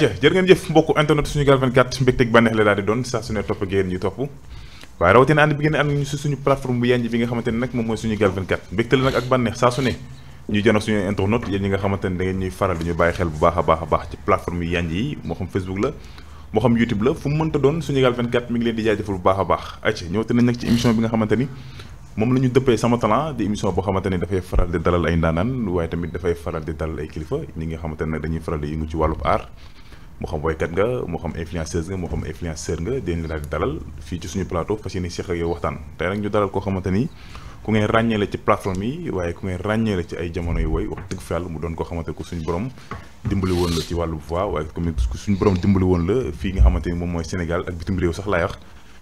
acca jërë ngeen jëf mbokku internet suñu gal 24 mbégteeg bànneex la daal di doon saa su topp ngeen topp waaye rawatina ànd bi ngeen ànd ñu suñu plateforme bu yanj bi nga xamante ne nag moom mooy suñu gal 24 mbégte la nag ak bànneex saa su ne ñuy jënd ak suñu internet yéen ñi nga xamante ne da ngeen ñuy faral di ñu bu baax a baax a baax di jaajëfal bu baax a baax xamante ni moom la ñu dafay faral di dalal ay ndaanaan waaye tamit dafay faral di dalal ay kilifa ñi nga xamante nag dañuy faral di yëngu ci wàllub aar moo xam waykat nga moo xam influenceuse nga moo xam influenceur nga dinañ la daal di dalal fii ci suñu plateau fas yéene seq ak yow waxtaan tey nag ñu dalal koo xamante ni ku ngeen ràññee ci plateforme yi waaye ku ngeen ràññee la ci ay jamono yu woy wax dëgg fa mu doon koo xamante ku suñu borom dimbali woon la ci wàllu voix waaye ku suñu borom dimbali woon la fii nga xamante ni moom mooy Sénégal ak bitim réew sax laay wax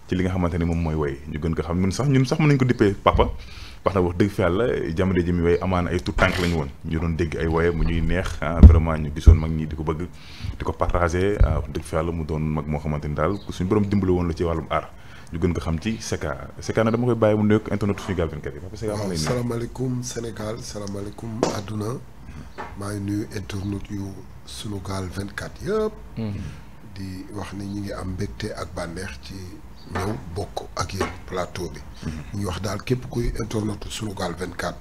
ci li nga xamante ni moom mooy woy ñu gën ko xam ñun sax ñun sax mën nañu wax na wax dëgg fa yàlla jamono ji mi way amaana ay tout tànk la woon ñu doon dégg ay woye mu ñuy neex ah, vraiment ñu gisoon mag ñi di ko bëgg di ko partagé ah, wax dëgg fa yàlla mu doon mag moo xamante ni daal suñu borom dimbale woon la ci wàllum aar ñu gën ko xam ci Secka Secka na dama koy bàyyi mu nekk internet Sunugal 24 yi. waaw salaamaaleykum Sénégal salaamaaleykum àdduna maa ngi nuyu internet yu Sunugal 24 yëpp. Hmm. di wax ni ñu ngi am mbégte ak bànneex ci. ñëw bokk ak yéen plateau bi. ñu wax daal képp kuy internet vingt 24.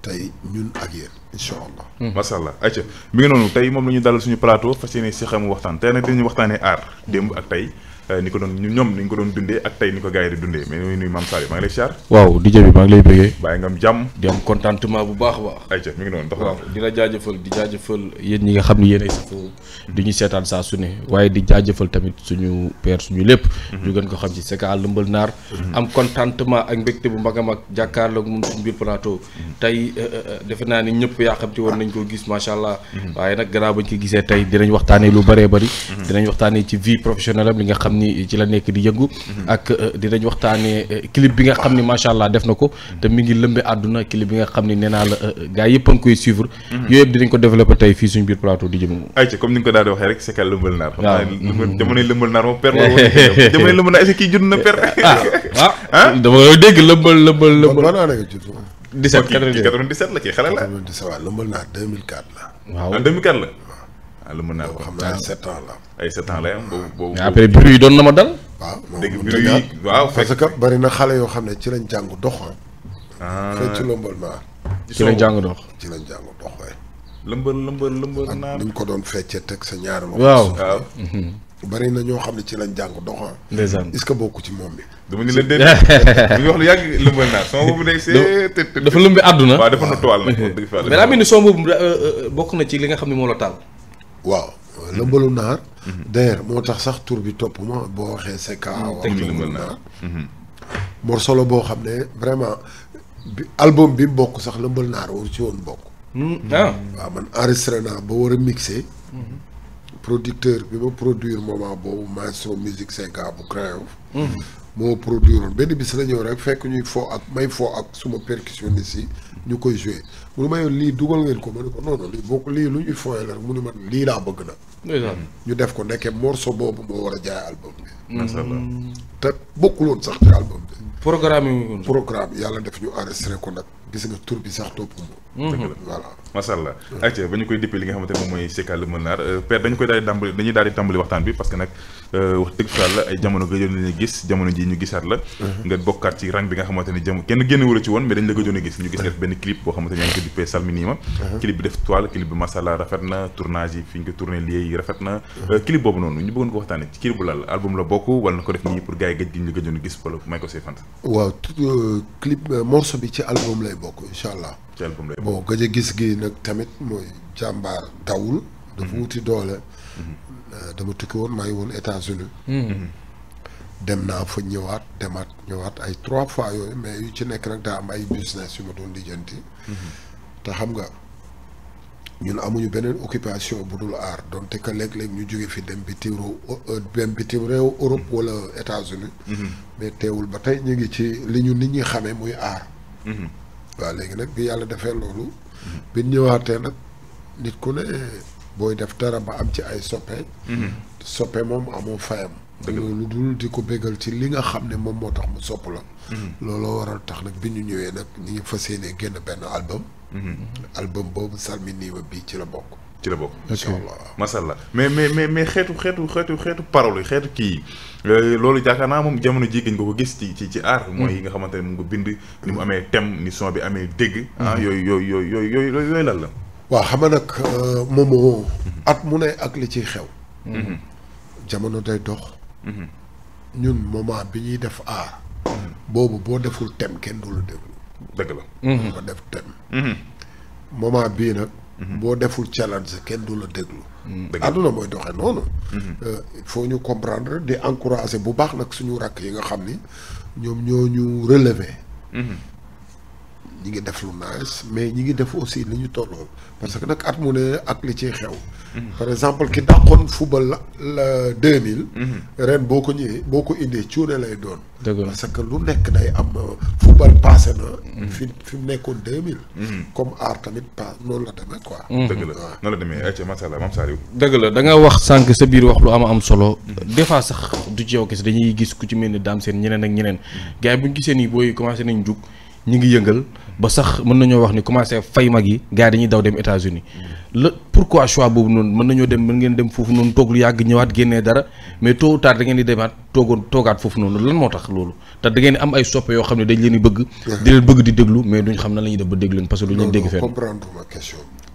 tey ñun ak yéen incha allah. Mm. macha allah ayca mi ngi noonu tey moom la ñu dalal suñu plateau fas yéene si mu waxtaan tey nag dañuy waxtaanee aar démb ak tey. Euh, ni ko doon ñoom ni ñu ko doon dundee ak tey ni ko gars yi di dundee mais nuyu nuyu maam Sall maa ngi lay siyaar waaw di jë bi maa ngi lay bëggee bàyyi nga am jàmm di am contentement bu baax a baax ay ca mi ngi noonu dox waaw di la jaajëfal di jaajëfal yéen ñi nga xam ne yéen ay safo di ñu seetaan saa su ne waaye di jaajëfal tamit suñu père suñu lépp mhm. ñu gën ko xam ci Secka lëmbal naar mhm. am contentement ak mbégte bu mag a mag jàkkaarloog moom suñu biir plateau mhm. tey euh, euh, defe naa ni ñëpp yaa xam ci war nañ koo gis macha allah waaye nag gannaaw bañ ko gisee tey dinañ waxtaanee lu bëree bëri dinañ waxtaanee ci vie professionnelle am li nga xam ni ci la nekk di yëngu. Mm-hmm. ak euh, dinañ waxtaanee euh, clip bi nga xam ni macha allah def na ko. Mm-hmm. te mi ngi lëmbee àdduna clip bi nga xam ni nee naa la euh, gars yëpp a koy suivre. Mm-hmm. yooyu yëpp dinañ ko développé tey fii suñu biir plateau di jëm. ayca comme ni nga ko daal di waxee rek c'est que naar. waaw lëmbal jamonoy naar moom per la woon. jamonoy lëmbal naar est-ce que kii ah, ah, ah? dama koy dégg lëmbal lëmbal lëmbal. 17 97 la ci xale la. 97 naar 2004 la. waaw la. Ah, lu mën ko xam naa sept ans la ay sept ans lay am doon na ma dal waaw dégg bari na xale yoo xam ne ci lañ jàng dox ah fekk ah. ci lëmbal naar jàng dox ci lañ jàng dox waay lëmbal lëmbal lëmbal naar ni ñu ko doon feccee teg sa ñaari ma waaw bari na ñoo xam ne ci lañ jàng doxaan. Ah. ndeysaan est-ce que bokk ci moom bi. dama ni la déet bi wax lu yàgg lëmbal naa son boobu day seet. dafa lëmbi àdduna. mais daa mel ni son euh, euh, bokk na ci li nga xam ne moo la taal. waaw. lëmbalu naar. d'ailleurs moo tax sax tour bi topp ma boo waxee Secka. waaw lëmbalu naar morceau la hmm. boo xam ne vraiment bi album bi bokk sax lëmbal naar waru ci woon bokk. waaw hmm. hmm. ah. waaw man enregistré naa ba war a mixé. producteur bi ma produire moment boobu maestro musique Secka bu Crayon. moo produire woon benn bis la ñëw rek fekk ñuy foo ak may foo ak suma percussionniste yi ñu koy joué. mu ne ma lii dugal ngeen ko ma ne ko non lii boo ko lii lu ñuy fooyee la rek mu ne ma lii laa bëgg na ñu def ko nekkee morceau boobu moo war a jaay album bi mm. macha te bokkul woon sax ci album bi programme yi programme yàlla def ñu enregistré ko nag gis nga tur bi sax topp Mhm. voilà macha allah ayca ba ñu koy déppee li nga xamante moom mooy Sicap Le Meunar euh, père dañu bi parce que nag euh, wax dëgg fa la ay jamono gëjoon nañu gis jamono ji ñu gisaat la mhm. nga bokkaat xamante ne kenn génn wala ci la gëjoon a gis ñu gis mhm. bi na tournage yi na euh, clip boobu noonu ci bu lal album la bokk wala na ko a gis lay bokk incha allah ci album lay bon gëj a gis gi nag tamit mooy jàmbaar dawul. dafa mhm. wuti doole. Mhm. Euh, dama tukki woon maa ngi woon États-Unis mhm. dem naa fa ñëwaat demaat ñëwaat ay trois fois yooyu mais yu ci nekk nag daa am ay business yu ma doon lijjanti. te xam nga ñun amuñu beneen occupation bu dul aar donte que léeg-léeg ñu jóge fi dem bitim réew euh, dem bitim réew Europe wala États-Unis mais teewul ba tey ñu ngi ci li ñu nit ñi xamee muy aar. waaw léegi nag bi yàlla defee loolu. bi ñëwaatee nag nit ku ne booy def dara ba am ci ay soppe. soppe moom amoo fayam. loolu dul di ko bégal ci li nga xam ne moom moo tax mu sopp la. Hmm. looloo waral tax nag bi ñu ñëwee nag ñu ngi fas yéenee génn benn album. Hmm. album boobu Salminima bii ci la bokk. ci la boo incha allah macha allah mais mais mais mais xeetu xeetu xeetu xeetu parole yi xeetu kii yi euh, loolu yaakaar naa moom jamono jii gën ko gis ci ci ci art. Mm. mooy yi nga xamante ne mu ngi ko bind. ni mu amee tem ni son bi amee dégg. Mm. ah yooyu yooyu yooyu yooyu yooyu lan la. waa xam nga nag euh, moomoo. Mm-hmm. at mu ne ak li ciy xew. Mm-hmm. jamono tey dox. Mm-hmm. ñun moment bi ñuy def art. boobu boo deful thème kenn du la déglu. dëgg la. boo def bii nag. boo deful challenge kenn du la déglu. àdduna mooy doxe noonu. Mhm. Euh, il ñu comprendre di encourager bu baax nag suñu rakk yi nga xam ni ñoom ñoo ñu relever. Mhm. ñi ngi def lu nice mais ñi ngi def aussi li ñu tolloo parce que nag at mu ne ak li ciy xew. Mhm. par exemple ki dàqoon football la la deux mille. Mhm. ren boo ko ñëwee boo ko indee cuune lay doon. parce que lu nekk day am euh, football passé mhm. fi fi mu nekkoon deux mille. comme aar la demee quoi. dëgg la noonu la demee ayca macha allah maam Saliou. dëgg la nga wax sànq sa biir wax lu am am solo. des fois sax du ci yow kese dañuy gis ku ci mel ni daam seen ñeneen ak ñeneen. gars yi bu ñu gisee nii booy commencé nañu jug ñu ngi yëngal. ba sax mën nañoo wax ni commencé fay mag yi gars yi dañuy daw dem États-Unis la pourquoi choix boobu noonu mën nañoo dem mën ngeen dem foofu noonu toog lu yàgg ñëwaat génnee dara mais tôt ou tard da ngeen di demaat toogoon toogaat foofu noonu lan moo tax loolu te da ngeen di am ay soppe yoo xam ne dañ leen di bëgg di leen bëgg di déglu mais duñ xam na la ñuy def ba déglu leen parce que duñ leen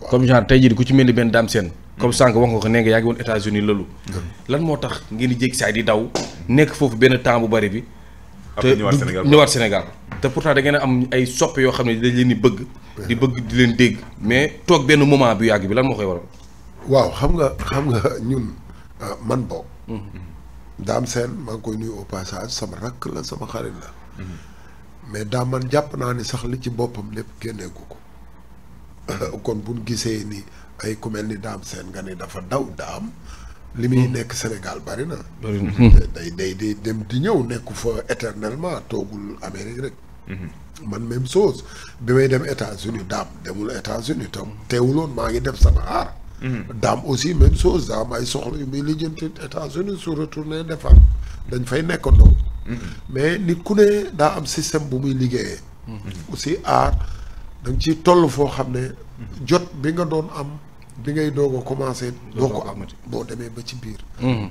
comme genre mm. wax nga ko nee yaa ngi woon États-Unis lalu mm. lan moo nekk foofu benn temps bu bari bi Sénégal te da ngeen a am ay sopp yoo xam ne dañ leen di bëgg. di bëgg di leen dégg mais toog benn moment bu yàgg bi la moo koy waral. waaw xam nga xam nga ñun ah, man boog. Mm-hmm. daam seen maa ngi koy nuyu au passage sama rakk la sama xarit la. Mm-hmm. mais daam man jàpp naa ni sax li ci boppam lépp génneeku ko. kon bu gisee ni ay ku mel ni daam seen nga ne dafa daw daam. li muy mm-hmm. nekk Sénégal bari na. day day day dem di ñëw nekku fa éternellement toogul Amérique rek. Mm-hmm. man même chose bi may dem États-Unis daam demul États-Unis tam teewuloon maa ngi def sama aar. Mm-hmm. daam aussi même chose daam ay soxla yu muy lijjanti États-Unis su retourné defar dañ fay nekkandoo. Mm-hmm. mais ku ne daa am système bu muy liggéeyee. aussi aar da nga ciy toll foo xam ne. jot bi nga doon am. bi ngay doog a commencé. doo ko am boo demee ba ci biir.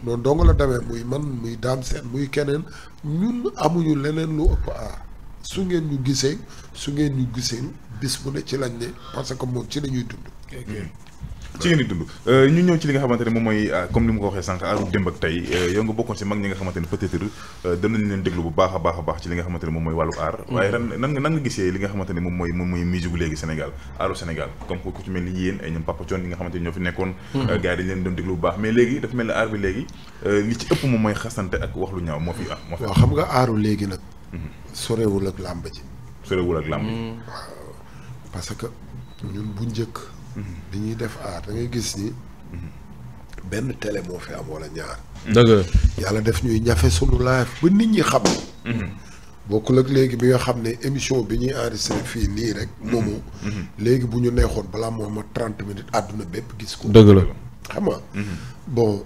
noonu dong la demee muy man muy daam seen muy keneen ñun amuñu leneen lu ëpp aar. su ngeen ñu gisee su ngeen ñu gisee bis bu ne ci lañ ne parce que moom ci la ñuy dund. Hmm. ci ngeen di dund euh, ñu ñëw ci li nga xamante ne moom mooy euh, comme ni mu ko waxee sànq aru démb euh, nga xamante ne peut-être danañ a baax a baax ci li nga xamante ne moom mooy wàllu aar hmm. waaye ren nan nga nan nga gisee li nga xamante ne moom mooy moom mooy musique léegi Sénégal aaru Sénégal comme ku ci mel ni yéen ay ñoom Papa Thione nga xamante ñoo fi nekkoon hmm. gars yi dañ leen doon déglu bu baax mais léegi dafa mel ni aar bi léegi li ci ëpp moom mooy xasante ak wax lu ñaaw moo fi am moo fi waaw xam nga aaru léegi nag sorewul ak làmb ji. sorewul ak mm. waaw parce que ñun bu njëkk. Mm-hmm. bi ñuy def aar da gis ni. Mm-hmm. benn télé moo fi am wala ñaar. Mm-hmm. dëgg yàlla def ñuy ñafe sunu live ba nit ñi xam. bokk ak léegi bi nga xam ne émission bi ñuy enregistré fii nii rek. moomu. léegi bu ñu neexoon balaa moom a trente minutes àdduna bépp gis ko. dëgg la xam nga. bon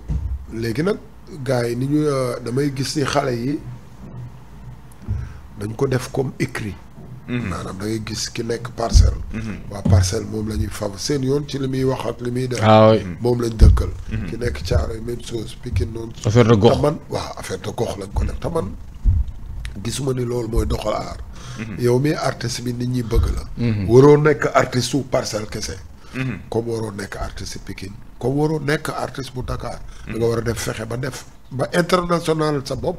léegi nag gars yi ni ñu euh, damay gis ni xale yi. dañ ko def comme écrit mhm. maanaam da gis ki nekk parcelle. Mhm. waa parcelle moom la ñuy faw seen yoon ci li muy wax ak li muy def. Ah mhm. moom lañ dëkkal. ki nekk caaro yi même chose Pikine noonu. affaire de gox taman waaw affaire de gox lañ ko def taman gisuma ni loolu mooy doxal aar. yow mi artiste bi nit ñi bëgg la. waroo nekk artiste su parcelle kese. comme waroo nekk artiste Pikine comme waroo nekk artiste bu Dakar. da nga war a def fexe ba def ba international sa bopp.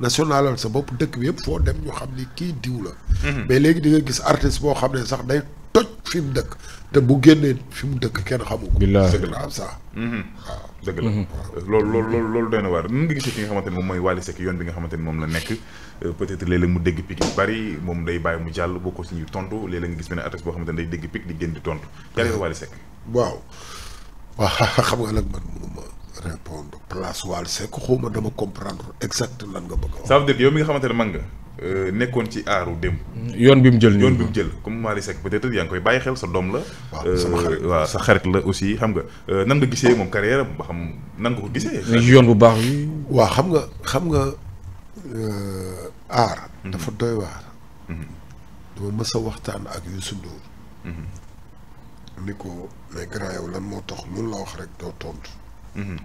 nationalal sa bopp dëkk bi yëpp foo dem ñu xam ni kii diw la. Mhm. mais léegi di nga gis artiste boo xam ne sax day toj fi mu dëkk te bu génnee fi mu dëkk kenn xamu ko. bilaay c'est grave ça. waaw dëgg la. Mhm. loolu loolu loolu loolu doy xamante moom mooy Wally Seck yoon bi nga xamante ne moom la nekk euh, peut-être léeg-léeg mu dégg picc bari moom day bàyyi mu jàll boo ko si ñu tontu léeg-léeg nga gis benn artiste boo xamante ne day dégg picc di génn di tontu. yàlla na euh, Wally Seck. waaw waaw xam nga nag man mënuma répondre place Wally Seck xawma dama comprendre exact lan nga bëgg a wax. ça veut dire yow mi nga xamante ne man nga. Euh, nekkoon ci aaru démb. yoon bi mu jël yoon bi mu jël comme Wally Seck peut-être yaa ngi koy bàyyi xel sa doom la. waaw sama euh, xarit sa xarit la aussi xam nga euh, nan nga gisee moom carrière ba xam nan nga ko gisee. yoon bu baax yi. waaw xam nga xam nga aar. dafa mhm. doy waar. Mhm. waxtaan ak Youssou mhm. ko mais grand yow moo tax lu la wax rek doo tontu. Mm-hmm.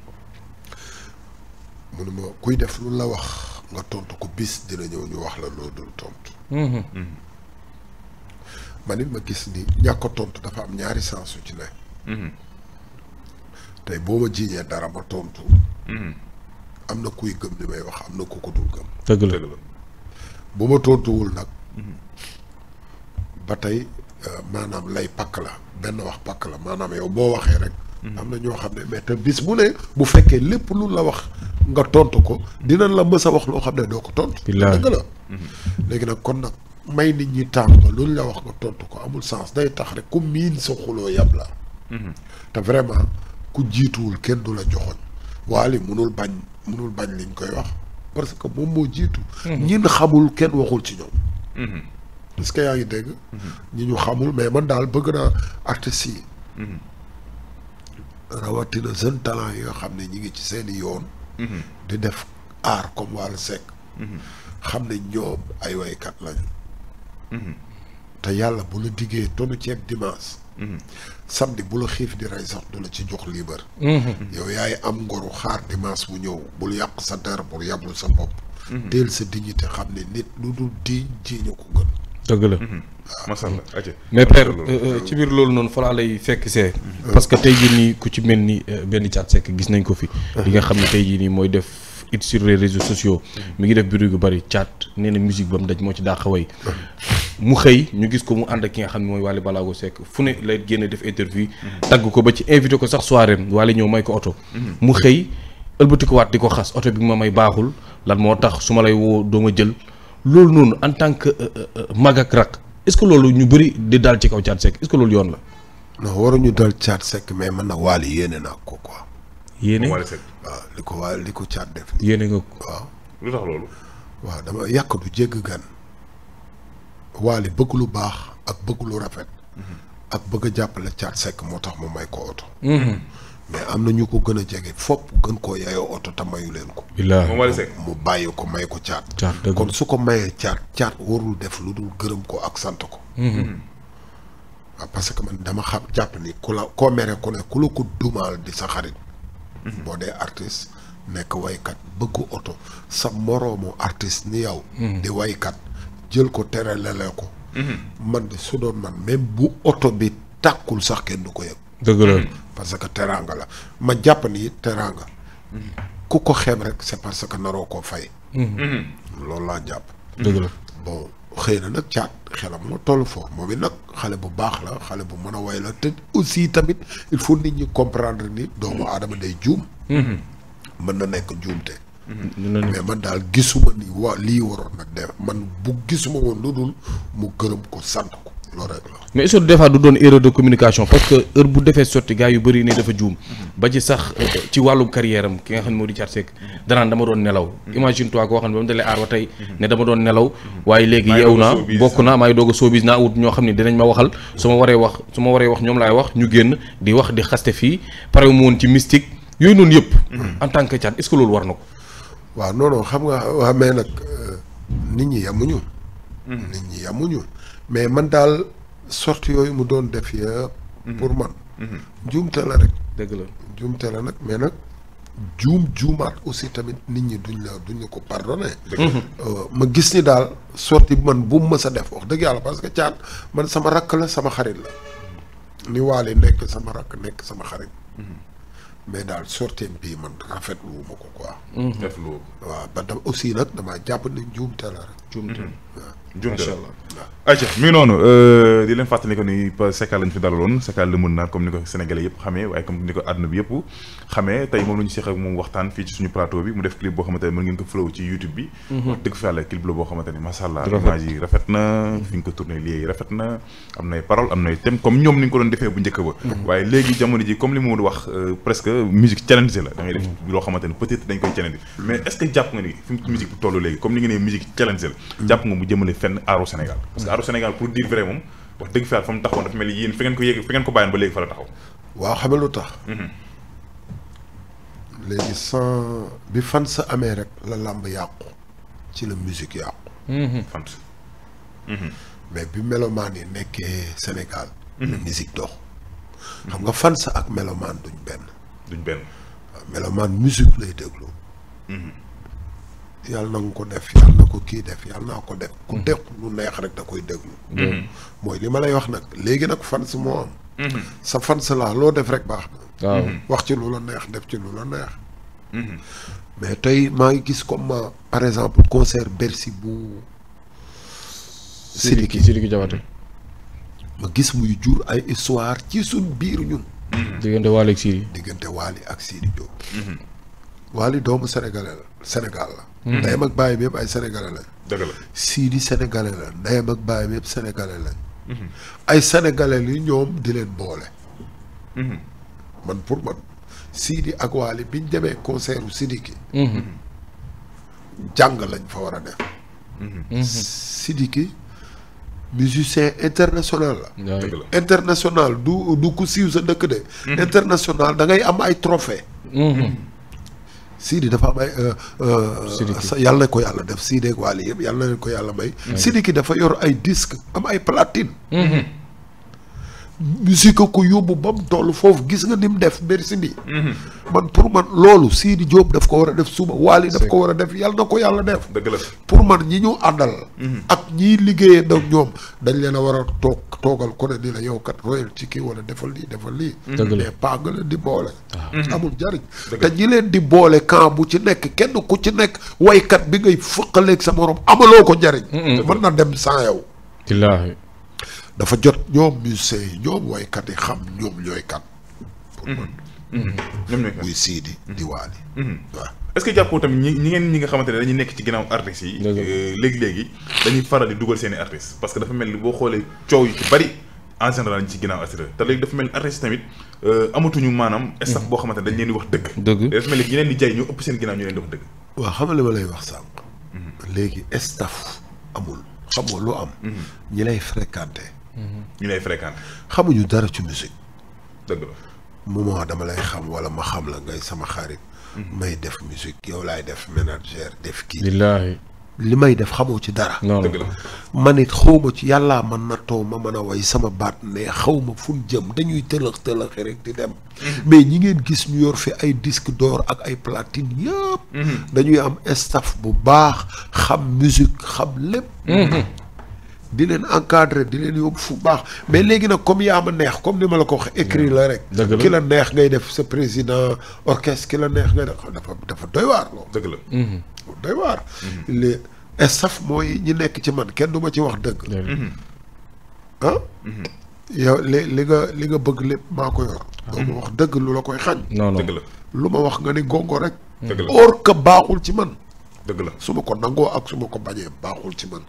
mu ne kuy def lu la wax nga tontu ko biis dina ñëw ñu wax la loo dul tontu. Mm-hmm. man it ma gis ni ñàkk tontu dafa am ñaari sens yu ci ne. Mm-hmm. tey boo ma jiiñee dara ma tontu. am na kuy gëm li may wax am na ku ko dul gëm. bu ma tontuwul nag. ba tey euh, maanaam lay pakk la benn wax pakk la maanaam yow boo waxee rek. Mhm. am na ñoo xam ne mais te bis bu ne bu fekkee lépp lu la wax nga tontu ko dinañ la mës a wax loo xam ne doo ko tontu. dëgg la mhm. léegi nag kon nag may nit ñi tàng ba la wax nga tontu ko amul sens day tax rek ku miin sa xuloo yab la. Mhm. te vraiment ku jiituwul kenn du la joxoon waali munul bañ munul bañ liñ koy wax parce que moom moo jiitu. ñin xamul kenn waxul ci ñoom. est-ce que yaa ngi dégg. ñi ñu xamul mais man daal bëgg na artistes yi. rawatina jeune talent yi nga xam ne ñi ngi ci seeni yoon mhm. di def aar comme Wally Seck mhm. xam ne ñoom ay waykat lañu mhm. te yàlla bu la diggee tonu ceeb dimanche samedi bu la xiif di rey sax du la ci jox liibar yow yaay am ngoru xaar dimanche bu ñëw bul yàq sa der bul yàbbul sa bopp teel sa dignité xam ne nit lu dul diiñ jiiñu ko gën dëgg la. Mhm. macha allah mhm. mais père euh, euh, ci biir loolu noonu fa laa lay fekk see. Mhm. parce que tey jii nii ku ci mel ni euh, benn caat sekk gis nañ ko fi. li nga xam ne tey jii nii mooy def it sur les réseaux sociaux. mi ngi def bruit gu bari caat nee na musique ba mu daj moo ci dàq mu xëy ñu gis ko mu ànd ak ki nga xam ne mooy Wally Ballago Seck fu ne lay génne def interview. tagg ko ba ci invité ko sax soirée am Wally ñëw may ko oto. mu xëy ëlbatikuwaat di ko xas oto bi ma may baaxul lan tax su ma lay woo doo ma loolu noonu en tant que euh, euh, euh, mag ak rak est-ce loolu ñu bëri di daal ci kaw Thiat Seck est-ce loolu yoon la. non ñu dal Thiat sekk mais man nag Wally yéene naa ko quoi. waa waaw li ko waa li ko Thiat def. yéene nga ko waaw. lu tax loolu. waaw dama yàq du jégg gan. Wally bëgg lu baax ak bëgg lu rafet. Mhm. ak bëgg a jàppale Thiat sekk moo tax mu may ko oto. Mhm. mais am na ñu ko gën a jege fopp gën koo yaayoo oto te mayu leen ko. mu bàyyi ko may ko caat. kon su ko mayee caat caat warul def lu dul gërëm ko ak sant ko. waaw mm-hmm. mm-hmm. ah, que man dama xam jàpp ni ku la koo mere ku ne la ko dumaal di sa xarit. Mm-hmm. boo dee artiste nekk waykat bëgg oto sa moroomu artiste ni yow. di waykat jël ko tere lelee ko. man de su doon man même bu oto bi tàkkul sax kenn du ko yëg. dëgg la. parce que teraanga la ma jàpp ni teraanga. ku ko xeeb rek c'est parce que naroo koo fay. Mm-hmm. loolu laa jàpp. dëgg la bon xëy na nag caat xelam moo toll foofu moom it nag xale bu baax la xale bu mën a way la te aussi tamit il faut nit ñi comprendre ni doomu aadama day juum. Mm-hmm. mën na nekk juumte. Mm-hmm. mais man daal gisuma ni waa lii waroon nag de man bu gisuma woon lu dul mu gërëm ko sant ko. loolu mais est-ce que du doon erreur de communication parce que heure bu defee sotti gars yu bëri ne dafa juum ba ci sax euh, ci wàllu carrière am ki nga xam ne moo di Thiat Seck danaan dama doon nelaw imagine toi koo xam ne ba mu dalee aar ba tey ne dama doon nelaw waaye léegi yeewu na bokk naa maa ngi doog a naa wut ñoo xam ne dinañ ma waxal su ma waree wax su ma waree wax ñoom laay wax ñu génn di wax di xaste fii pare mu woon ci mystique yooyu noonu yëpp en tant que Thiat est-ce que war na ko waaw non non xam nga waa mais nag euh, nit ñi yamuñu ñi yamuñu mais man daal sorti yooyu mu doon def yëpp. Mhm. pour man. Mhm. njuumte la rek. dëgg la njuumte la nag mais nag juum juumaat aussi tamit nit ñi duñ la duñ la ko pardonné. Mhm. Euh, ma gis ni daal sorti bu man bu mu mës def wax dëgg yàlla parce que caat man sama rakk la sama xarit la. ni waale nekk sama rakk nekk sama xarit. mais daal sorteem bii man rafetlu ma ko quoi. rafetlu waaw ba tam aussi nag damaa jàpp ne njuumte la rek. njuumte waaw. incha allah ayca mi ngi noonu euh, di leen fàttali ko ni Secka lañ fi dalaloon Secka la mën naa comme ni ko sénégalais yëpp xamee waaye comme ni ko àdduna bi yëpp xamee tey moom la ñu moom waxtaan fii ci suñu plateau bi mu def clip boo xamante ne mën ngeen ko flow ci YouTube bi mhm. wax dëgg fa yàlla clip la allah image rafet na fi nga ko tourné lii rafet na am nay parole am nay thème comme ñoom ni nga ko defee bu njëkk ba mhm. waaye léegi jamono comme li mu wax euh, presque musique challenge la da def mhm. fenn aaru Sénégal parce que aaru Sénégal pour dire vrai moom wax dëgg fa fa mu taxawoon dafa mel ni ba léegi fa la taxaw waaw xam tax mhm. léegi sans bi fan sa amee rek la làmb yàqu ci la musique yàqu mhm. fan mhm. mais bi melomaan yi nekkee Sénégal la dox xam nga fan sa ak melomaan duñ benn duñ benn waaw melomaan musique lay déglu yàlla na nga ko def yàlla na ko kii def yàlla naa ko def. ku mm-hmm. def lu neex rek da koy déglu. Mm-hmm. mooy li ma lay wax nag léegi nag fans moo am. Mm-hmm. sa fans laa loo def rek baax na. waaw wax ci lu la neex def ci lu la neex. mais tey maa ngi gis comme par exemple concert Bercy bu. Sidiki Sidiki Diabaté. ma gis muy jur ay histoire ci suñ biir ñun. diggante Waly ak Sidi. diggante Waly ak Sidi Wally doomu sénégalais la Sénégal la. Hmm. ak baay bi yëpp ay sénégalais la. dëgg la Sidi sénégalais la ndeyam ak baay bi yëpp sénégalais la. Hmm. ay sénégalais li ñoom di leen boole. Hmm. man pour man Sidi ak Wally biñ demee concert u Sidiki. jàng lañ fa war a def. Sidiki musicien international la. international du du ku siiw sa dëkk de. international da am ay trophée Sidi dafa am ay. Euh, Sidiki euh, yàlla ko yàlla def Sidi ak Wally yëpp yàlla na ko yàlla may. Mm-hmm. Sidiki dafa yor ay disque am ay platine. Mm-hmm. musique ko yóbbu ba mu toll foofu gis nga ni mu def merci bi. man pour man loolu Sidi Diop daf ko war a def suba Waly daf ko war a def yàlla na ko yàlla def. dëgg la pour man ñi ñu àndal. Mhm. ak ñiy liggéeyee nag ñoom dañ leen a war a toog toogal ko ne ni la yow kat royal ci kii wala defal lii defal lii. Mhm. dëgg la mais pas nga leen di boole. Mhm. amul jariñ te ñi leen di boole camp bu ci nekk kenn ku ci nekk waykat bi ngay fëqaleeg sa morom amaloo ko njariñ. mën na dem sans yow. dafa jot ñoom musiciens yi ñoom woykat yi xam ñoom ñooy kat pour mm-hmm. man. Mm-hmm. ñoom ñooy kan muy Sidi mm-hmm. di que jàppoo tamit ñi ñi ngeen ñi nga xamante ne dañuy nekk ci ginnaaw artistes yi. Euh, léegi léegi dañuy faral di dugal seen i parce que dafa mel ni boo xoolee coow yu ci bari. en général ci ginnaaw assuré te léegi dafa mel ni artiste tamit euh, amatuñu maanaam. staff boo xamante ne dañ leen di wax dëgg. dëgg dafa mel ni ñi leen di jaay ñu ëpp seen ginnaaw ñu leen di wax dëgg. waaw xam nga li ma lay wax sànq. léegi staff amul. xam lu am. ñi lay Mm-hmm. ñu lay fréquenté. xamuñu dara ci musique. dëgg dama lay xam wala ma xam la ngay sama xarit. Mm-hmm. may def musique yow laay def ménagère def kii. billaahi li may def xamoo ci dara. dëgg la man it xaw ma ci yàllaa man na too ma mën a way sama baat ne xaw ma fu jëm dañuy tëlëx tëlëx rek di dem. Mm-hmm. mais ñi ngeen gis ñu yor fi ay disque door ak ay platine yëpp. dañuy am staff bu baax xam musique xam lépp. di leen encadrer di leen yóbbu fu baax mais léegi nag comme yaa ma neex comme ni ma la ko wax écrire la rek. ki la neex ngay def sa président orchestre ki la neex ngay def dafa dafa doy waar loolu. dëgg la. Mhm. doy waar. Mhm. li mooy ñi nekk ci man kenn du ma wax dëgg. Mhm. ah. yow li nga li nga bëgg lépp maa ko yor. Ah. doo ma wax dëgg lu la koy xañ. dëgg la lu ma wax nga ni gongo rek. dëgg la or que baaxul ci man. dëgg la su ma ko nangoo ak su ma ko bañee baaxul ci man.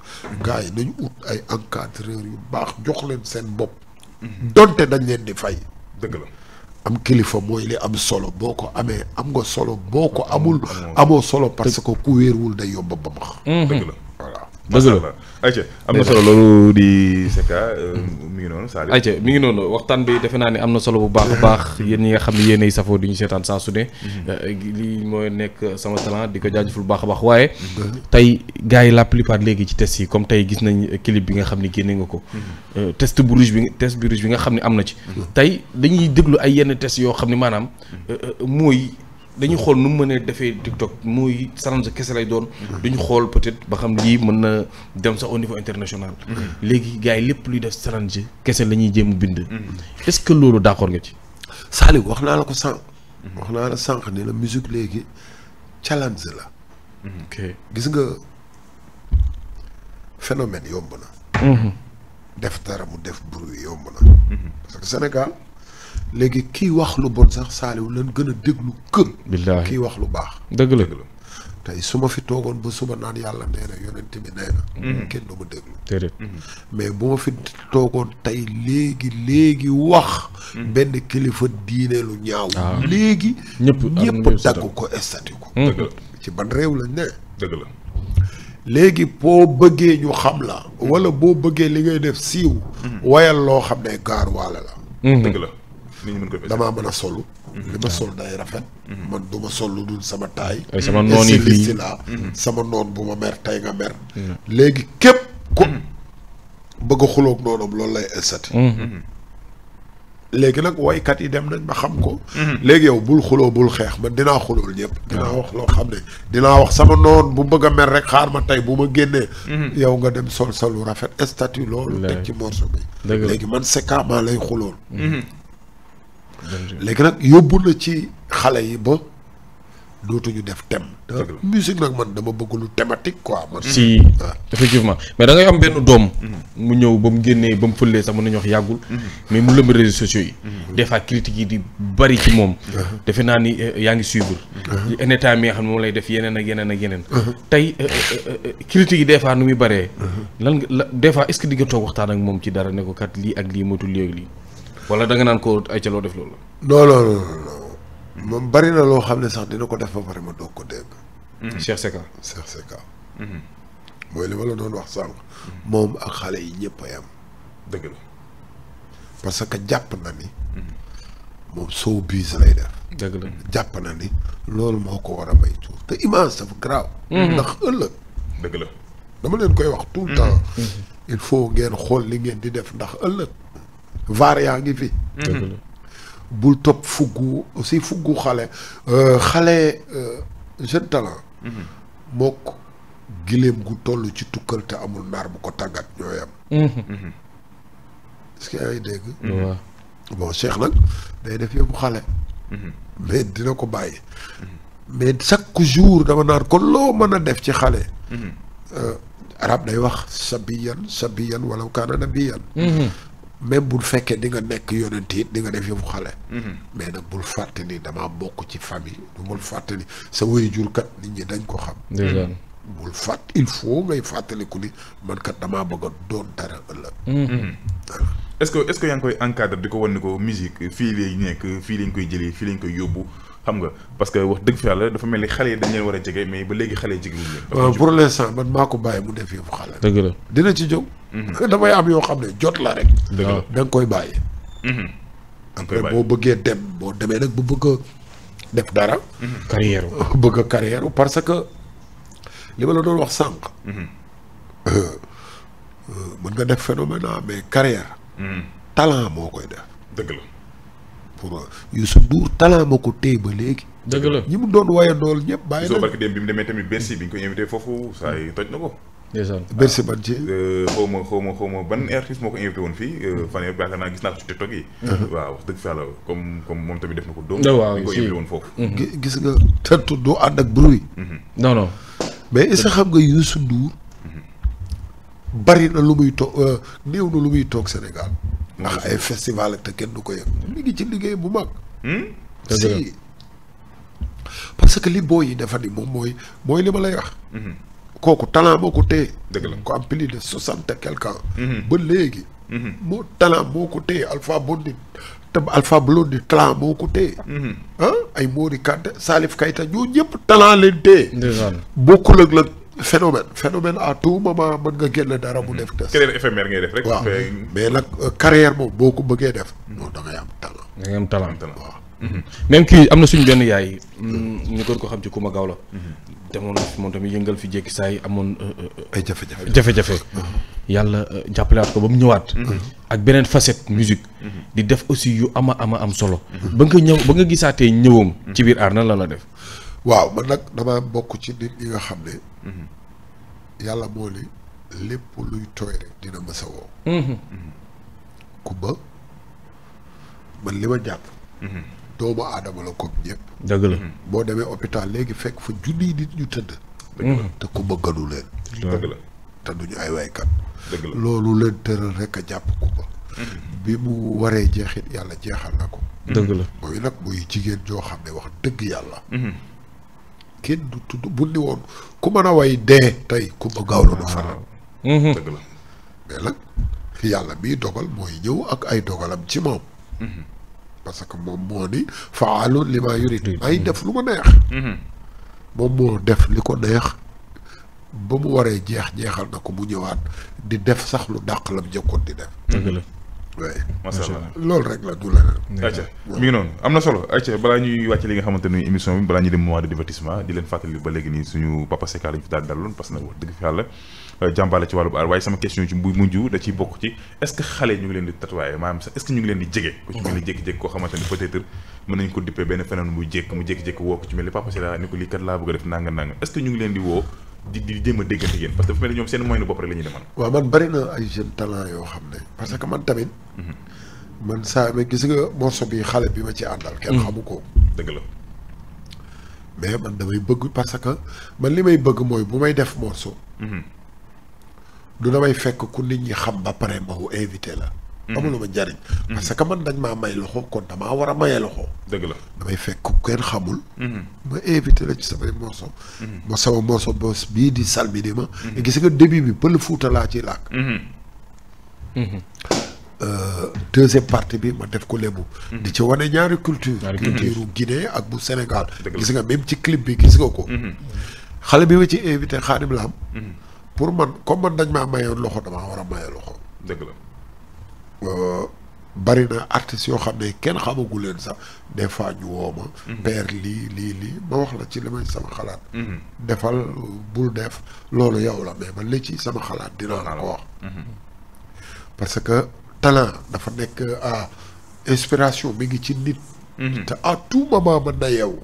gars yi nañu ut ay encadreur yu baax jox leen seen bopp. donte dañ leen di fay. dëgg la am kilifa mooy li am solo boo ko amee am nga solo boo ko amul. amoo solo parce que ku wéeruwul day yomb ba mmh. dëgg la. dëgg la ayca am na solo loolu di Secka euh, mi mm-hmm. ngi noonu Sadio. ayca mi ngi noonu waxtaan bi defe naa ne am na solo bu baax baax yéen ñi nga xam ne yéenay safoo di ñu seetaan saa su ne. Mm-hmm. Euh, lii mooy nekk sama talent di ko jaajëful bu baax a baax waaye. Mm-hmm. tey gars yi la plupart léegi ci test yi comme tey gis nañ clip bi nga xam ni génne nga ko. Euh, test bu rouge bi test bu bi nga xam ne am na ci. tey dañuy déglu ay yenn test yoo xam ne maanaam mooy. dañuy xool nu mu mënee defee TikTok muy challenge kese lay doon. duñu xool peut-être ba xam lii mën na dem sa au niveau international. léegi gars yi lépp luy def challenge kese la ñuy jéem bind. est-ce que loolu d'accord nga ci. Saliou wax naa la ko sànq. wax naa la sànq ne la musique léegi challenge la. ok gis nga phénomène yomb na. Mhm. def dara mu def bruit yomb na. Mhm. parce que Sénégal. léegi kii wax lu bon sax saaliw lan gën a déglu këm billaahi wax lu baax dëgg la tey su ma fi toogoon ba suba naan yàlla nee na yonent bi nee na mhm. kenn du ma déglu déedéet mhm. mais bu ma fi toogoon tey léegi léegi wax mhm. benn kilifa diine lu ñaaw ah. léegi ñëpp ñëpp dagg ko estati ko ci ban réew la ne dëgg la léegi boo bëggee ñu xam la wala boo bëggee li ngay def siiw wayal loo xam ne gaar waale la dëgg la nit ñi mën ko damaa mën a solu mhm. li ma sol day rafet. Mhm. man du ma sol lu dul sama taay. ay sama noon yi fii laa mhm. sama noon bu ma mer tey nga mer. léegi képp ku bëgg a loolu lay nag waykat yi dem nañ ma xam ko. léegi yow bul xuloo bul xeex man dinaa xulool ñëpp. dinaa wax loo xam ne dinaa wax sama noon bu bëgg a mer rek xaar ma tey bu ma génnee. yow nga dem sol salu rafet statut loolu. teg ci morceau bi. léegi man Secka lay xulool. léegi nag yóbbu na ci xale yi ba dootuñu def tem dëgg musique nag man dama bëgg lu thématique quoi. man si ah. effectivement mais da ngay am benn doom. Mm-hmm. mu ñëw ba mu génnee ba mu fëlee sax mën nañu wax yàggul. Mm-hmm. mais mu lëmb réseaux sociaux yi. Mm-hmm. des fois yi di bari ci moom. defe naa ni eh, eh, yaa ngi suivre. en état mi moom lay def yeneen ak yeneen ak yeneen. tey eh, critiques yi des fois nu muy baree. lan la des fois waxtaan ak moom ci dara ne ko kat lii ak lii motul lii ak lii. wala da naan ko ay ca loo def loolu. non non moom bari na loo xam ne sax dina ko def ba pare ma doog ko dégg. Mm-hmm. Cheikh Secka Cheikh Secka. Mm-hmm. mooy li wax sànq. moom ak xale yi ñëpp a yam. dëgg que jàpp na ni. Mm-hmm. moom sow bise lay def. dëgg la jàpp na ni loolu moo ko war a may tuur te image dafa garaaw. ndax ëllëg. dëgg la dama leen koy wax tout le temps. il faut ngeen xool li ngeen di def ndax ëllëg. variant ngi fi. bul topp fuggu aussi fuggu xale. Euh, xale euh, jeune talent. Mhm. mook gileem gu toll ci tukkal te amul naar bu ko tàggat ñooy am. Mhm. Mhm. est que ay dégg. bon Cheikh nag day def yëpp xale. mais dina ko bàyyi. mais chaque jour dama naan kon loo mën a def ci xale. Euh, arab day wax sabiyan sabiyan wala kaana nabiyan même bul fekkee di nga nekk yonent it di nga def yëfu xale. Mhm. mais nag bul fàtte ni damaa bokk ci famille du bul fàtte ni sa waajur kat nit ñi dañ ko xam. Mhm. bul fàtt il faut ngay fàttaliku ni man kat damaa bëgg doon dara ëllëg. Mhm. est-ce que est yaa ngi koy encadre di ko wan ni ko musique fii lay nekk fii lañ koy jëlee fii lañ koy yóbbu. xam nga parce que wax dëgg fi yàlla dafa mel ni xale yi dañ leen war a jege mais ba léegi xale yi jege wuñ leen pour l'instant man maa ko bàyyi mu def yëfu xale dëgg la dina ci jóg mhm. damay am yoo xam ne jot la rek dëgg koy bàyyi mhm. après boo bëggee dem boo demee nag bu bëgg def dara mhm. carrière bëgg a parce que li ma la doon wax sànq euh, euh, mën nga def phénomène ah, mais carrière talent moo koy def pour euh, Youssou Ndour talent ma ko téye ba léegi. dëgg la ñi mu doon waaye dool ñëpp. bàyyi na soo barki dem bi mu demee tamit Bercy bi ñu koy invité foofu saa yi toj ko. ndeysaan ban ci. Euh, moo ko woon fii euh, fan yëpp yaakaar naa gis naa ko ci uh-huh. comme comme moom tamit def ko. Ah, mm-hmm. doo ànd ak bruit. Mm-hmm. non non. mais est-ce que xam nga Youssou Ndour. Mm-hmm. bari na lu muy toog néew na lu muy toog Sénégal. ndax ay ah, festival ak te kenn du ko yëg ñu ngi ci liggéey bu mag hmm? si parce que li booy yi dafa ni moom mooy mooy li ma lay wax hmm. kooku talent moo ko téye dëgg la ko am plus de soixante et quelque ans hmm. ba léegi moo talent moo ko téye ah, ay Mori Kanté Salif Keita ñoo ñëpp talent leen téye bokkul ak la phénomène phénomène à tout moment mën nga génn dara mu def test. carrière éphémère ngay def rek. waaw mais nag euh, carrière moom boo ko bëggee def. non da ngay am talent. da am talent waaw. Mhm. kii am na suñu benn yaay. Mm. Mm, ñu gën ko xam ci Coumba Gawlo la. Mhm. demoon moom tamit yëngal fi jékki saa yi amoon. Euh, euh, ay jafe-jafe jafe mhm. yàlla jàppalewaat ko ba mu ñëwaat. ak beneen facette musique. di def aussi yu ama ama am solo. ba nga ñëw ba nga gisaatee ñëwoom. ci biir aar nan la la def. waaw man nag damaa bokk ci nit ñi nga xam ne. Mhm. yàlla moo ni lépp luy tooy rek dina mës a woo. man li ma jàpp. Mhm. doomu aadama la comme ñëpp. dëgg la mhm. boo demee hôpital léegi fekk fa junniy nit ñu tëdd. te kumba gënu leen. dëgg la te duñu ay waykat. dëgg la loolu leen tëral rek a jàpp kumba. bi mu waree jeexit yàlla jeexal na ko. dëgg la mooy nag muy jigéen joo xam ne wax dëgg yàlla. kenn du tudd bu ni woon ku mën a way dee tey ku ma gaaw la du fanaan dëgg la mais nag yàlla miy dogal mooy ñëw ak ay dogalam ci moom mhm. parce que moom moo ni faalu li ma yurid mhm. ay def lu ma neex mhm. moom moo def li ko neex ba mu waree jeex jeexal na ko mu ñëwaat di def sax lu dàq lam njëkkoon di def la macha allah loolu rek la du leneen. ayca mi ngi noonu am na solo ayca balaa ñuy wàcc li nga xamante émission bi balaa ñuy dem moment de di leen fàttali ba léegi nii suñu papa Seck lañ fi daal daloon parce que nag wax dëgg fi yàlla euh, jàmbaale ci mën nañu ko dippee benn phénomène muy jékki mu jékki-jékki woo ko ci mel ni papa Seck ni ko lii laa bëgg a def nanga nanga est-ce ñu ngi leen di woo di di jéem a déggante yéen parce que dafa mel ni ñoom seen moyenne bopp rek demal. waaw man bari na ay jeunes talent yoo xam ne parce que man tamit. Mm-hmm. man saa mais gis nga morceau bi xale bi ma ci àndal. kenn mm-hmm. xamu ko. dëgg la. mais man damay bëgg parce que man li may bëgg mooy bu may def morceau. Mm-hmm. du damay fekk ku nit ñi xam ba pare ma invité la. Mm-hmm. amuluma njariñ mm-hmm. parce que man dañ maa may loxo kon damaa war a maye loxo. dëgg la damay fekk ku xamul. Mm-hmm. ma invité la ci samay morceau. ma sama morceau bos bii di salmini ma. gis nga début bi pël fuuta laa ciy làkk. Euh, deuxième partie bi ma def ko lébu. di ci wane ñaari culture. culture Guinée ak bu Sénégal. gis nga même ci clip bi gis nga ko. xale bi ma ci invité Xaadim Lam. pour man dañ maa mayoon loxo damaa war a maye loxo. dëgg la. Euh, bari na artistes yoo xam ne kenn xamagu leen sax des fois ñu woo ma. Mhm. père lii lii lii ma wax la ci li may sama xalaat. Mhm. defal bul def loolu yow la mais man li ci sama xalaat dina la ko wax. Mhm. parce que talent dafa nekk ah inspiration mi ngi ci nit. te à tout mën na yeewu.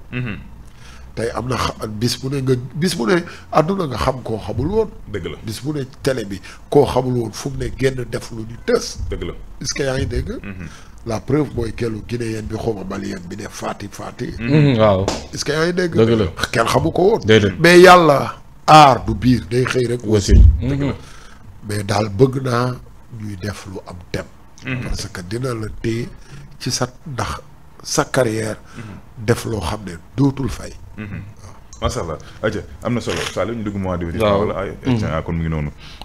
tey am na bis bu ne nga bis bu ne àdduna nga xam koo xamul woon. dëgg la bis bu ne tele bi koo xamul woon fu mu ne génn def lu ñu tës. dëgg la est que yaa ngi dégg. Mhm. la preuve mooy kellu guinéen bi xaw ma malien bi ne Fati Fati. Mhm, waaw est-ce que yaa dégg. dëgg la kenn xamu ko woon. mais yàlla aar du biir day xëy rek. wasi dëgg la mais daal bëgg naa ñuy def lu am thème. Mhm. parce que dina la téye ci sa ndax sa carrière. def loo xam ne dootul fay. Mhm. macha na solo Saliou ñu dugg mois de août. waaw ay mhm. ah,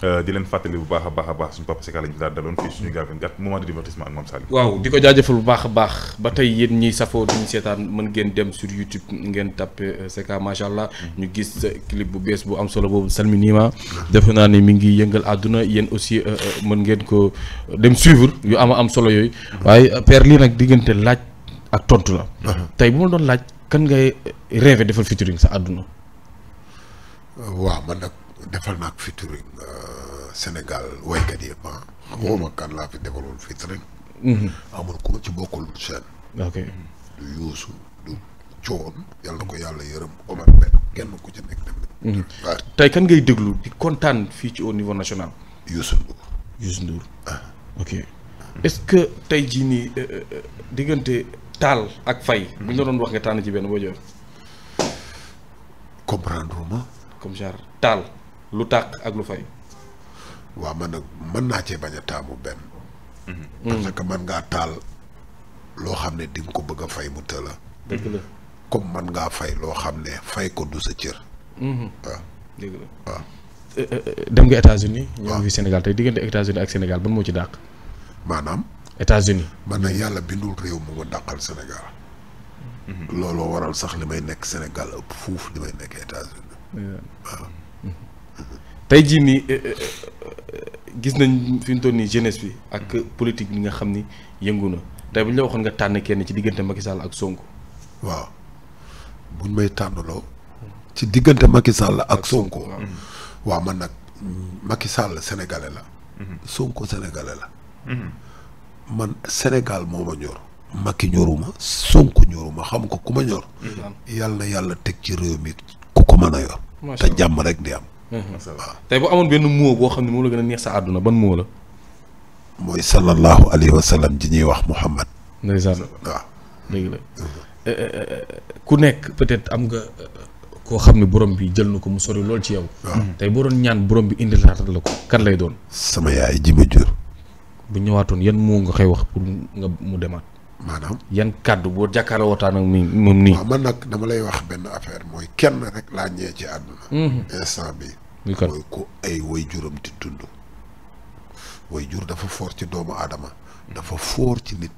euh, di leen fàttali bu baax a baax a baax suñu papa Sika lañu daal daloon fii suñu gaal gàtt moment de divertissement ak moom Saliou. waaw di ko jaajëfal bu baax a baax ba tey yéen ñiy safoo duñu seetaan mën ngeen dem sur YouTube ngeen tapé euh, Sika macha allah. Mhm. ñu gis euh, clip bu bees bu am solo boobu Salminima. defe naa ne mi ngi yëngal àdduna yéen aussi mën ngeen ko dem suivre yu ama am solo yooyu. waaye père lii nag diggante laaj ak tontu la. tey bu ma doon laaj. kan ngay rêvé defal featuring sa àdduna. waaw man nag defal naa ko featuring euh, Sénégal waykat yëpp ah. Mm-hmm. xamuma kan laa fi defaloon featuring. Mm-hmm. amul ku ci bokkul seen. ok du Youssou du Thione. yàlla ko yàlla yërëm Omar Pène kenn ku ci nekk tamit. Mm-hmm. waaw kan ngay déglu di kontaan fii ci au niveau national. Youssou Ndour. Youssou Ndour ah. ok. est-ce que nii euh, euh, diggante. taal ak fay. bu ñu la doon wax nga tànn ci benn boo jox. comprendre ma. comme genre taal lu tàq ak lu fay. waa man nag mën naa cee bañ a taamu benn. Mhm. parce que man ngaa taal loo xam ne di ko bëgg a fay mu tëla. dëgg la comme man ngaa fay loo xam ne fay ko du sa cër. Mhm. waaw dëgg la eh, eh, eh, dem nga États-Unis. waaw ñëw fi Sénégal tey diggante États-Unis ak senegal ba moo ci dàq. États-Unis man nag yàlla bindul réew mu ko dàqal Sénégal. Mhm. looloo waral sax li may nekk Sénégal ëpp li may nekk États-Unis waaw. Mhm. jii nii eh, eh, eh, gis nañ fi mu toll nii jeunesse bi ak mhm. politique bi nga xam ni yëngu na tey bu ñu waxoon nga tànn kenn ci diggante Macky Sall ak Sonko. waaw buñ may tànnaloo. ci diggante Macky Sall ak Sonko. waaw man nag Macky Sall la. Sonko sénégalais la. man Sénégal moo ma ñor. Macky ñoruma Sonko ñoruma xam ko ku ma ñor. Mm-hmm. yàlla na yàlla teg ci réew mi ku ko mën a yor. te jàmm rek di am. waaw mm-hmm. boo amoon benn moo boo xam ne moom la gën a neex sa àdduna ban moo la. mooy sallallahu alayhi wa di ji ñuy wax Muhammad. ndeysaan waaw. dëgg la mm-hmm. eh, eh, eh, ku nekk peut-être am nga koo xam ne borom bi jël na ko mu sori lool ci yow. tey boo doon ñaan borom bi indi indilaatal la ko kan lay doon. sama yaay ji bu ñëwaatoon yan moo nga koy wax pour nga mu demaat. maanaam yan kàddu boo jàkkaarloo waxtaan ak nii moom nii. man nag dama lay wax benn affaire mooy kenn rek laa ñëwee ci àdduna. Mm-hmm. instant bi mooy ko ay way juram di jur dafa foor ci doomu aadama. dafa foor ci nit.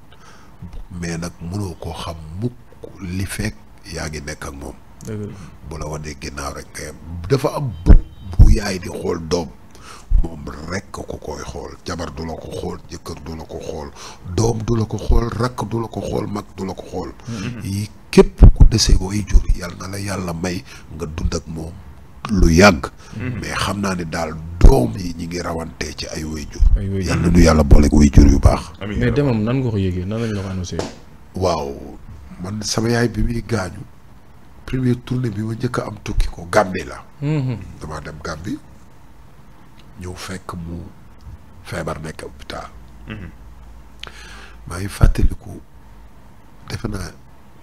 mais nag mënoo koo xam mukk li fekk yaa ngi nekk ak moom. bu la wanee ginnaaw rek dafa am bët bu yaay di xool doom. moom rekk ko koy xool jabar du la ko xool jëkkër du la ko xool doom du la ko xool rakk du la ko xool mag du la ko xool mm-hmm. yi képp ku desee booy jur yàlla na la yàlla may nga dund ak moom lu yàgg mm-hmm. mais xam naa ni daal doom yi ñi ngi rawantee ci ay wayjur yàlla nu yàlla booleeg wayjur yu baax mais demam nan nga ko yëgee nan lañ la ko annoncé waaw man sama yaay bi muy gaañu premier tournée bi ma njëkk am tukki ko Gambie la mm-hmm. damaa dem Gambie ñëw fekk mu feebar nekk hôpital mhm. maa ngi fàttaliku defe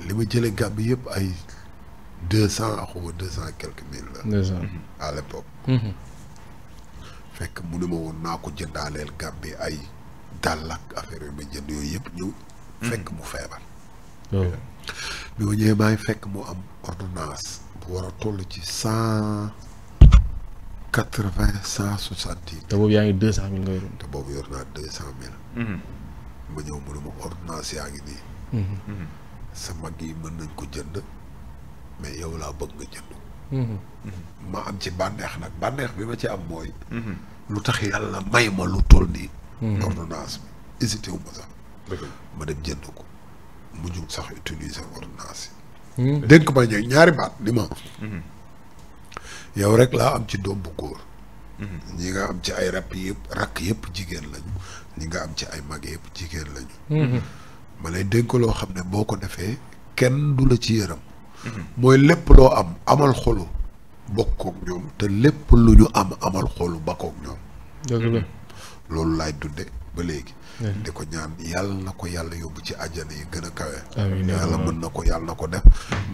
li ma jële gàmb yëpp ay deux cent axuma deux cent quelques mille la deux cent mhm. à l'époque mhm. fekk mu ne ma woon naa ko jëndaaleel gàmbi ay dàll ak affaire yu ma jënd yooyu yëpp ñëw fekk mu feebar oh. bi ma ñëwee fekk mu am ordonnance bu war toll ci cent quatre vingt cent soixante dix. te boobu yaa ngi deux cent mille nga yoroon. te boobu yor naa deux cent mhm. ma ñëw mu ne yaa ngi nii. Mhm. Mhm. sa mag yi mën nañ ko jënd mais yow laa bëgg nga jënd. ma am ci bànneex nag bànneex bi ma ci am mooy. lu tax yàlla may ma lu toll nii. ordonnance bi hésité wu ma sax. ma dem jënd ko mu sax utiliser ordonnance yi. ma ñëw ñaari baat li ma. yow rek laa am ci doom bu góor. Mhm. ñi nga am ci ay rap yëpp rakk yëpp jigéen lañu ñi nga am ci ay mag yëpp jigéen lañu. Mhm. ma lay dénk loo xam ne boo ko defee kenn du la ci yërëm. Mhm. mooy lépp loo am amal xolu bokkook ñoom te lépp lu ñu am amal xolu bakkook ñoom. loolu laay dunde ba léegi. di ko ñaan yàlla na ko yàlla yóbbu ci àjjana yi gën a kawe yàlla mën na ko yàlla na ko def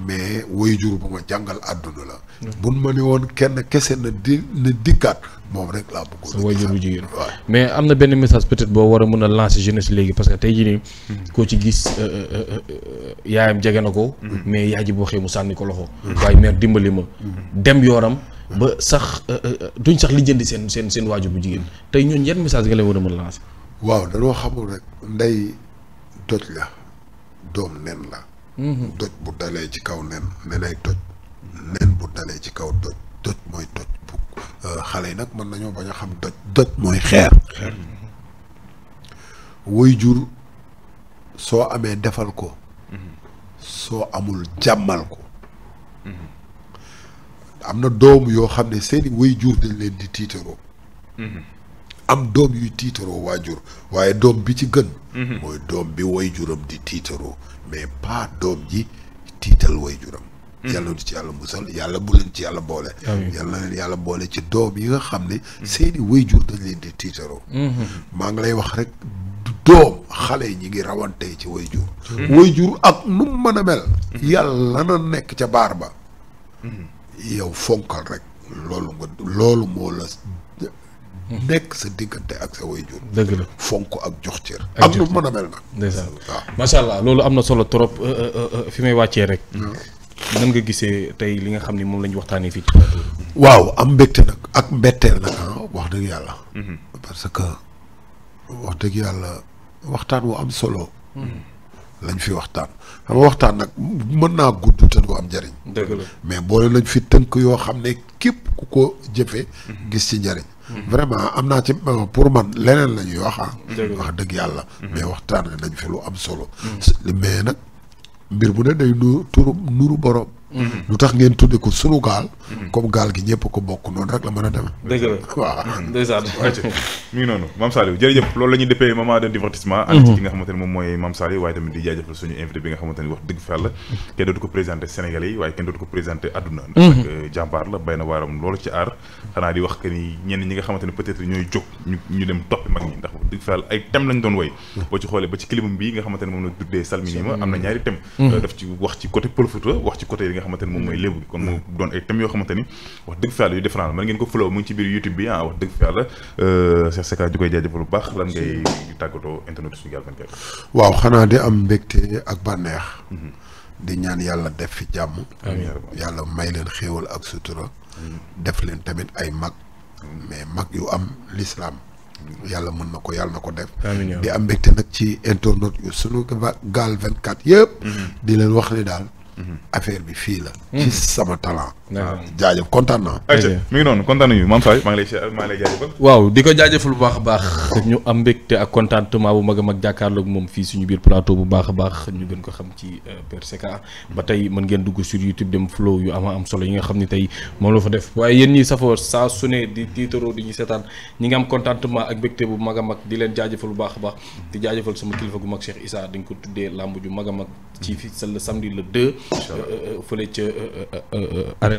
mais waajur bu ma jàngal àdduna la mm. buñ ma ne woon kenn kese na di na dikkaat moom rek laa bëggoon waajur bu jigéen mais am na benn message peut-être boo war a mën a lancer jeunesse léegi parce que tey jii nii mm. koo ci gis euh, euh, euh, yaayam jege na ko mm. mais yaay ji bu mu sànni ko loxo waaye mère dimbali ma dem yooram ba sax duñ sax lijjanti seen seen seen waajur bu jigéen tey ñooñu yan message nga leen war a mën a waaw dañoo xamul rek ndey doj la doom nen la mhm. doj bu dalee ci kaw nen nenay toj nen bu dalee ci kaw doj doj mooy toj bu euh, xale yi nag mën nañoo bañ a xam doj doj mooy xeer xeer jur soo amee defal ko mhm. soo amul jàmmal ko mhm. am na doom yoo xam ne seeni woy jur dañ leen di tiitaroo am doom yuy tiitaroo waajur waaye doom bi ci gën mhm. mooy doom bi waajuram di tiitaroo mais pas doom ji tiital waajuram mhm. yàlla du ci yàlla musal yàlla bu leen ci yàlla boole yàlla boole ci doom yi nga xam ne mhm. seeni waajur dañ leen di tiitaroo maa ngi lay wax rek doom xale yi ñi ngi rawantee ci way waajur ak nu mu mën a mel yàlla na nekk ca baar ba yow fonkal rek loolu nga loolu moo la nekk sa diggante ak sa way jur dëgg la fonk ak jox cër am lu mën a mel nag ndeysaan waaw macha allah loolu am na solo trop euh, euh, euh, fi may wàccee rek hmm. nan nga gisee tey li nga xam ni moom la ñu waxtaanee fii ci waaw am mbégte nag ak mbetteel nag ah, wax dëgg yàlla hmm. parce que wax dëgg yàlla waxtaan wu am solo hmm. lañ fi waxtaan xam waxtaan nag mën naa gudd te du am njariñ dëgg mais boole lañ fi tënk yoo xam ne képp ku ko jëfee gis ci njariñ vraiment am naa ci euh, pour man leneen la ñuy wax ah. wax dëgg yàlla. Mhm. mais waxtaan nañ fi lu am solo. Mhm. mais nag mbir bu ne day nu turu nuru borom. Mm-hmm. lu tax ngeen tudde ko sunu gaal. Mm-hmm. comme gaal gi ñëpp ko bokk noonu rek la mën a demee. dëgg la waaw mm-hmm. ndeysaan. noonu Mame Saliou waaye tamit di jaajëfal suñu nga xamante wax dëgg fa kenn dootu ko présenté Sénégalais yi waaye kenn dootu ko présenté àdduna. ndax nag euh, jàmbaar la bay waaram loolu ci aar xanaa di wax que ni ñi nga xamante ne ñooy jóg ñu dem toppi mag ñi ndax wax dëgg fa ay thème lañ doon woy boo ci xoolee ba ci clip bi nga xamante nga xamante moom mooy mm-hmm. lébu kon mu mm-hmm. doon ay thèmes yoo xamante ni wax dëgg fa yàlla yu différent man ngeen ko flow mu ngi ci biir youtube bi ah wax dëgg fa yàlla euh, Cheikh Secka ju koy jaajëfal bu baax lan ngay tàggatoo internet Sunugal 24 waaw xanaa di am mbégte ak bànneex mm-hmm. di ñaan yàlla def fi jàmm yàlla may leen xéewal ak sutura def leen tamit ay mag mais mag yu am l'islam yàlla mën na ko yàlla na ko def di am mbégte nag ci internet yu Sunugal 24 yëpp di leen wax ni daal affaire bi fii la. Mhm. ci sama talent. jaajëf kontaan naa. ayca noonu kontaan nañu Mame Faye maa ngi waaw di ko jaajafal bu baax a baax. ñu am mbégte ak contentement bu mag a mag jàkkaarloog moom fii suñu biir plateau bu baax a baax ñu gën ko xam ci euh, Perseka. ba tey mën ngeen dugg sur YouTube dem flow yu ama am solo yi nga xam ne tey moom la fa def waaye yéen ñi safoo saa su ne di tiitaroo di ñu seetaan ñi nga am contentement ak mbégte bu mag a mag di leen jaajafal bu baax a baax. di jaajëfal sama kilifa gu mag Cheikh Issa dañ ko tuddee làmb ju mag a mag. ci fii le samedi le 2. incha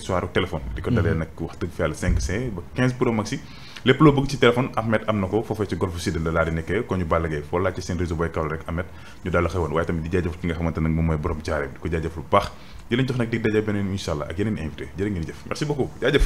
histoire téléphone di ko mhm. dalee nag wax dëgg fi yàlla 5C ba 15 pro maxi lépp loo bëgg ci téléphone Ahmed am na ko foofee ci golfu sud la laa di nekkee ko ñu bàllgee foo laajte seen réseau booy kaw rek Ahmed ñu daal xewoon waaye tamit di jaajëf ki nga xamante nag moom mooy borom jaare di ko jaajëf lu baax di jox nag dig daje beneen incha ak yeneen invité jërë ngeen jëf merci beaucoup jaajëf